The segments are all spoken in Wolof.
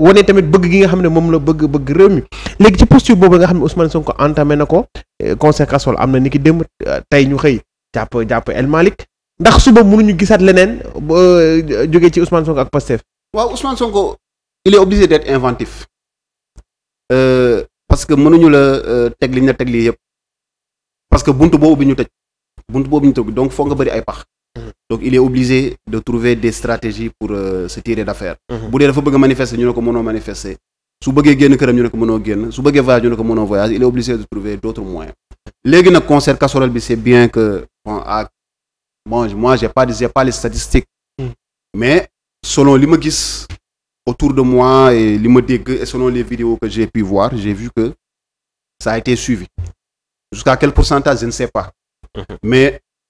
wane tamit bëgg gi nga xam ne moom la bëgg bëgg réew mi léegi ci posture boobu nga xam ne Ousmane Sonko entamé na ko eh, concert casserole am na ni ki démb euh, tey ñu xëy jàpp jàpp El Malick ndax suba ñu gisaat leneen bo euh, jógee ci Ousmane Sonko ak Pastef. waaw son Sonko il est obligé d'être inventif euh, parce que mënuñu la euh, teg li na teg lii yëpp parce que buntu boobu bi ñu tëj buntu boobu ñu tëj donc foog nga bëri ay pax. donc il est obligé de trouver des stratégies pour euh, se tirer d'affaire mhm. bu dee dafa bëgg a manifester ñu ne ko mënoo manifester su bëggee génn këram ñu ne ko mënoo génn su bëggee voyage ñu ne ko mënoo voyage il est obligé de trouver d'autres moyens léegi nag concert casserole bi c'est bien que bon ah bon moi j'ai pas j'ai les statistiques mhm. mais selon li ma gis autour de moi et li ma dégg et selon les vidéos que j'ai pu voir j'ai vu que ça été suivi jusqu'à quel pourcentage je ne sais pas mm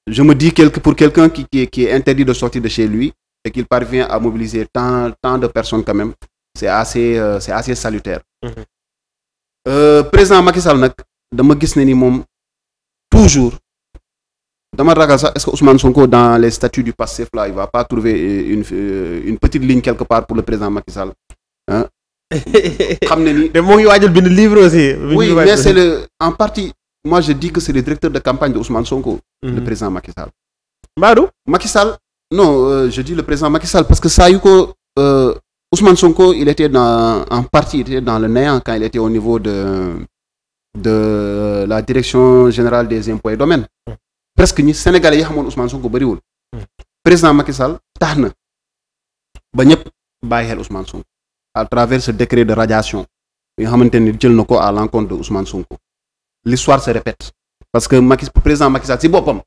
je me dis pour quelqu'un qui, qui, qui est interdit de sortir de chez lui et qu'il parvient à mobiliser tant, de personnes quand même c'est assez euh, c'est assez salutaire mm -hmm. président Macky Sall dama gis ne ni moom toujours dama ragal sax est-ce que Ousmane Sonko dans les statuts du Pastef là il va pas trouver euh, euh, une petite ligne quelque part pour le président Macky Sall hein xam ne ni. te moo ngi waajal bind livre aussi. oui mais c'est le en partie moi je dis que c'est le directeur de campagne de Ousmane Sonko. Mm -hmm. le mhm. président Macky Sall. Mbadou Macky non euh, je dis le président Macky parce que saa yu ko euh, Sonko il était dans en partie il était dans le néant quand il était au niveau de de la direction générale des impôts et domaines. Mm -hmm. presque ñi Sénégalais yi xamoon Ousmane Sonko bëriwul. Mhm. président Macky Sall tax na ba ñëpp bàyyi xel Ousmane Sonko à travers ce décret de radiation yi nga xamante ni jël na ko à l'encontre de Sonko. l'histoire se répète parce que Macky président Macky Sall si boppam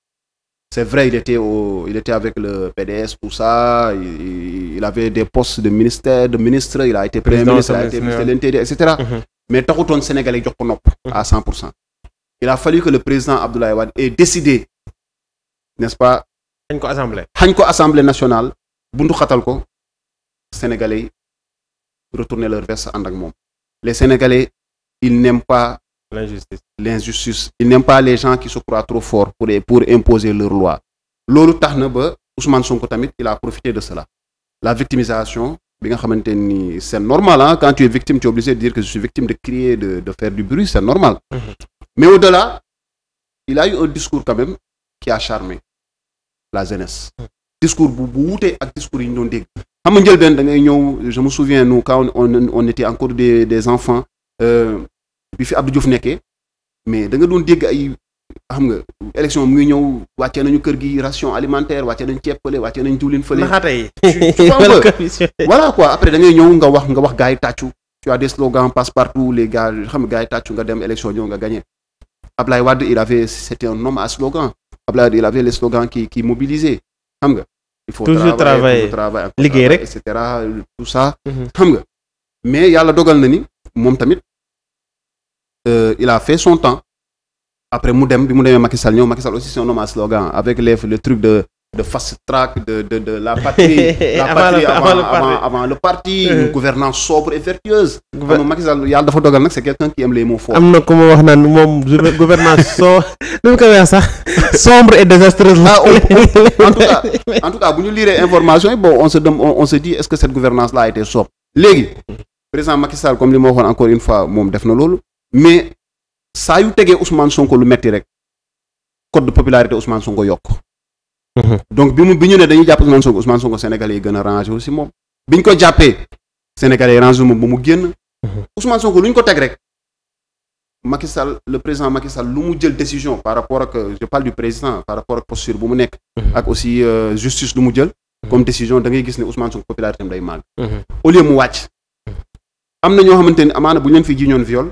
c'est vrai il était avec le PDS tout ça il, il avait des postes de ministère de ministre il a été premier ministre il a été ministre de mhm. mais taxutoon Sénégal yi à mhm. cent pour cent il a fallu que le président Abdoulaye Wade ait décidé n'est-ce pas xañ ko assemblée xañ ko assemblée nationale buntu xatal ko sénégalais retourner leur veste ànd ak moom les sénégalais ils n'aiment pas l'injustice l'injustice il n'aime pas les gens qui se croient trop forts pour imposer leur loi loolu tax na ba Ousmane Sonko tamit il a profité de cela la victimisation bi nga xamante ni c'est normal quand tu es victime tu obligé de dire que je suis victime de crier de faire du bruit c'est normal mm-hmm. mais au-delà il a eu un discours quand même qui a charmé la jeunesse mm. discours bu bu wutee ak discours yi ñu dégg xam nga njëlbeen da ñëw je me souviens nous quand bi fi Abdou Diouf nekkee mais da doon dégg ay xam nga élection mu ngi ñëw wàccee nañu kër gi ration alimentaire wàccee nañu ceeb fële wàccee nañu diwlin fële. naxaatay voilà quoi après da ñëw nga wax nga wax gars yi tàccu. tu as des slogans passe partout les gars xam nga gars yi tàccu nga dem élection ñëw nga gagné Ablaye Wade il avait c'était un homme à slogan Ablaye Wade il avait les slogans qui qui mobilisaient xam nga. il faut toujours travailler liggéey rek et cetera tout ça. Mhm. xam nga mais yàlla na Euh, il a fait son temps après mu dem bi mu demee Macky Sall ñëw Macky Sall aussi c'est un homme à slogan avec les le truc de de fast de la patrie avant, le parti une euh. gouvernance sobre et vertueuse xam nga Macky dafa dogal nag c'est quelqu'un qui aime les mots forts am na ku ma wax naan moom gouvernance so lu mu ko wax sax sombre et désastreuse ah, là en tout cas en tout cas bu ñu lire information yi bon on se dem on, se dit est-ce que cette gouvernance là a été sobre léegi fois moom def na mais saa yu tegee Ousmane Sonko lu metti rek code de popularité Ousmane Sonko yokk. Mhm. donc bi mu bi ñu ne dañuy jàpp Ousmane Sonko Ousmane Sonko sénégalais yi gën a rangé aussi moom. bi ñu ko jàppee sénégalais yi rangé moom ba mu génn. Mhm. Ousmane Sonko lu ñu ko teg rek. Macky Sall le président Macky Sall lu mu jël décision par rapport ak par rapport ak posture bu mu nekk. Mhm. ak aussi euh, justice lu mu jël. comme décision da ngay gis ne Ousmane Sonko popularité am day màgg. au lieu mu wàcc. am na ñoo xamante ni amaana bu ñu leen fi jiñoon viol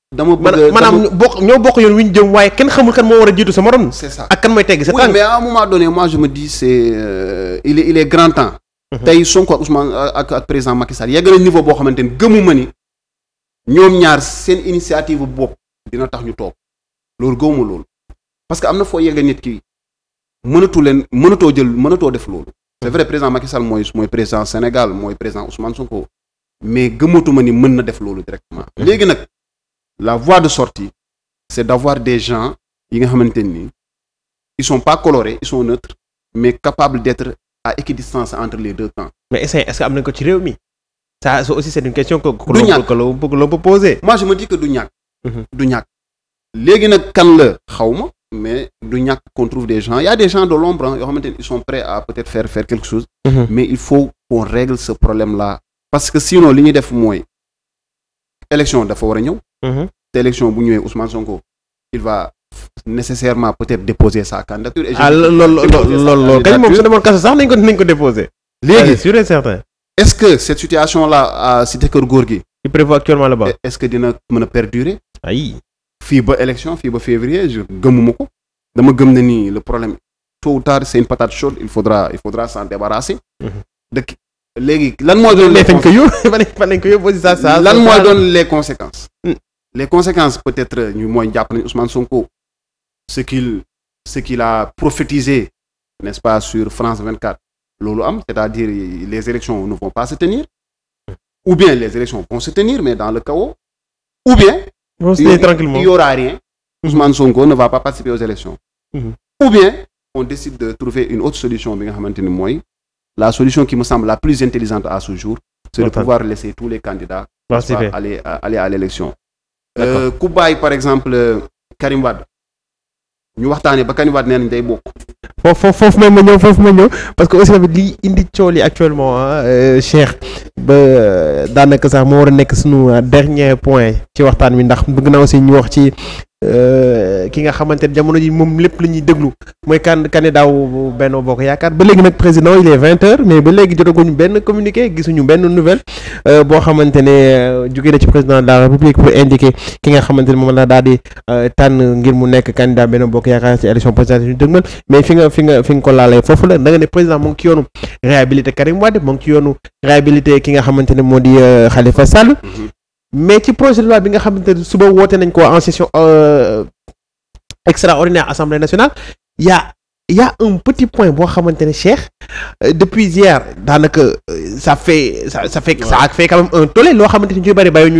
dama bëgg maanaam bokk ñoo bokk yoon wi ñu jëm waaye kenn xamul kan moo war a jiitu sa morom. c'est ça ak kan mooy tegg sa tànk. oui mais à un moment donné moi je me dis c'est euh, il grand temps. Mhm. tey Sonko ak Ousmane euh, ak ak président Macky Sall yegg niveau boo xamante ni gëmuma ni ñoom ñaar seen initiative bopp dina tax ñu toog loolu gëmuma loolu parce que am na foo yegg nit ki mënatu leen mënatoo jël mënatoo def loolu. c'est vrai président Macky Sall mooy mooy président Sénégal mooy président Ousmane Sonko mais gëmatuma ni mën na def loolu directement. Mhm. léegi nag. la voie de sortie c'est d'avoir des gens yi nga xamante ni ils sont pas colorés ils sont neutres mais capables d'être à équidistance entre les deux camps. mais est-ce est ko ci réew mi. ça aussi c'est une question que. du ñàkk que l'on peut poser. moi je me dis que du ñàkk. Mm-hmm. du ñàkk léegi nag kan la xaw ma mais du ñàkk qu'on trouve des gens il des gens de l'ombre yoo xamante ni ils sont prêts à peut-être faire faire quelque chose. Mmh. mais il faut qu'on règle ce problème là. parce que sinon li ñuy def mooy élection dafa war a ñëw. Mhm. te élection bu ñëwee Ousmane Sonko il va nécessairement peut-être déposer sa candidature. et je ah loolu loolu loolu kañ moom su demoon kaso sax nañ ko nañ ko déposer. léegi sûr et certain. est-ce que cette situation là à Cité Keur Gorgui. qui prévoit actuellement là-bas. est-ce que dina mën a perdurer. ay fii ba élection fii ba février je gëmuma ko dama gëm ne nii le problème tôt ou tard c'est une patate chaude il faudra il faudra s'en débarrasser. Mhm. dëkk léegi lan mooy doon. les fañ ko yóbbu fan lañ ko yóbbu lan mooy doon les conséquences. Hmm. les conséquences peut-être ñu mooy jàpp nañu Ousmane Sonko ce qu'il ce qu'il a prophétisé n'est-ce pas sur France 24 loolu am c'est-à-dire les élections ne vont pas se tenir ou bien les élections vont se tenir mais dans le chaos ou bien il y aura rien mhm. Ousmane Sonko ne va pas participer aux élections mhm. ou bien on décide de trouver une autre solution bi nga xamante ni mooy la solution qui me semble la plus intelligente à ce jour c'est de pouvoir laisser tous les candidats aller aller à Euh, ku bàyyi par exemple euh, Karim ñu waxtaanee ba Karim Wade nee nañ day bokk. foofu foofu may ñëw foofu ma ñëw parce que aussi bi li indi coow li actuellement euh, Cheikh ba daanaka sax moo war a nekk suñu dernier point ci waxtaan wi ndax bëgg naa aussi ñu wax ci Euh, ki nga xamante ne jamono ji moom lépp la ñuy déglu mooy kan candidat wu Benno Bokk Yaakaar ba léegi nag président il est vingt heures mais ba léegi jotaguñu benn communiqué gisuñu benn nouvelle euh, boo xamante ne euh, jóge na ci président de la république pour indiquer ki nga xamante ne moom la daal di tànn ngir mu nekk candidat Benno Bokk Yaakaar ci élection présidentielle ñu dëgmal mais fi nga fi nga fi nga ko laalee foofu la da nga ne président mu ngi ci yoonu réhabilité Karim Wade mu ngi yoonu réhabilité ki nga xamante ne moo di Khalifa Sall mm-hmm. mais ci projet de loi bi nga xamante ne suba woote nañ ko en session euh, extraordinaire assemblée nationale y a y a un petit point boo xamante ne Cheikh euh, depuis hier daanaka sa fait sa ça fait ça fait quand loo xamante ni ñu bari bàyyi ñu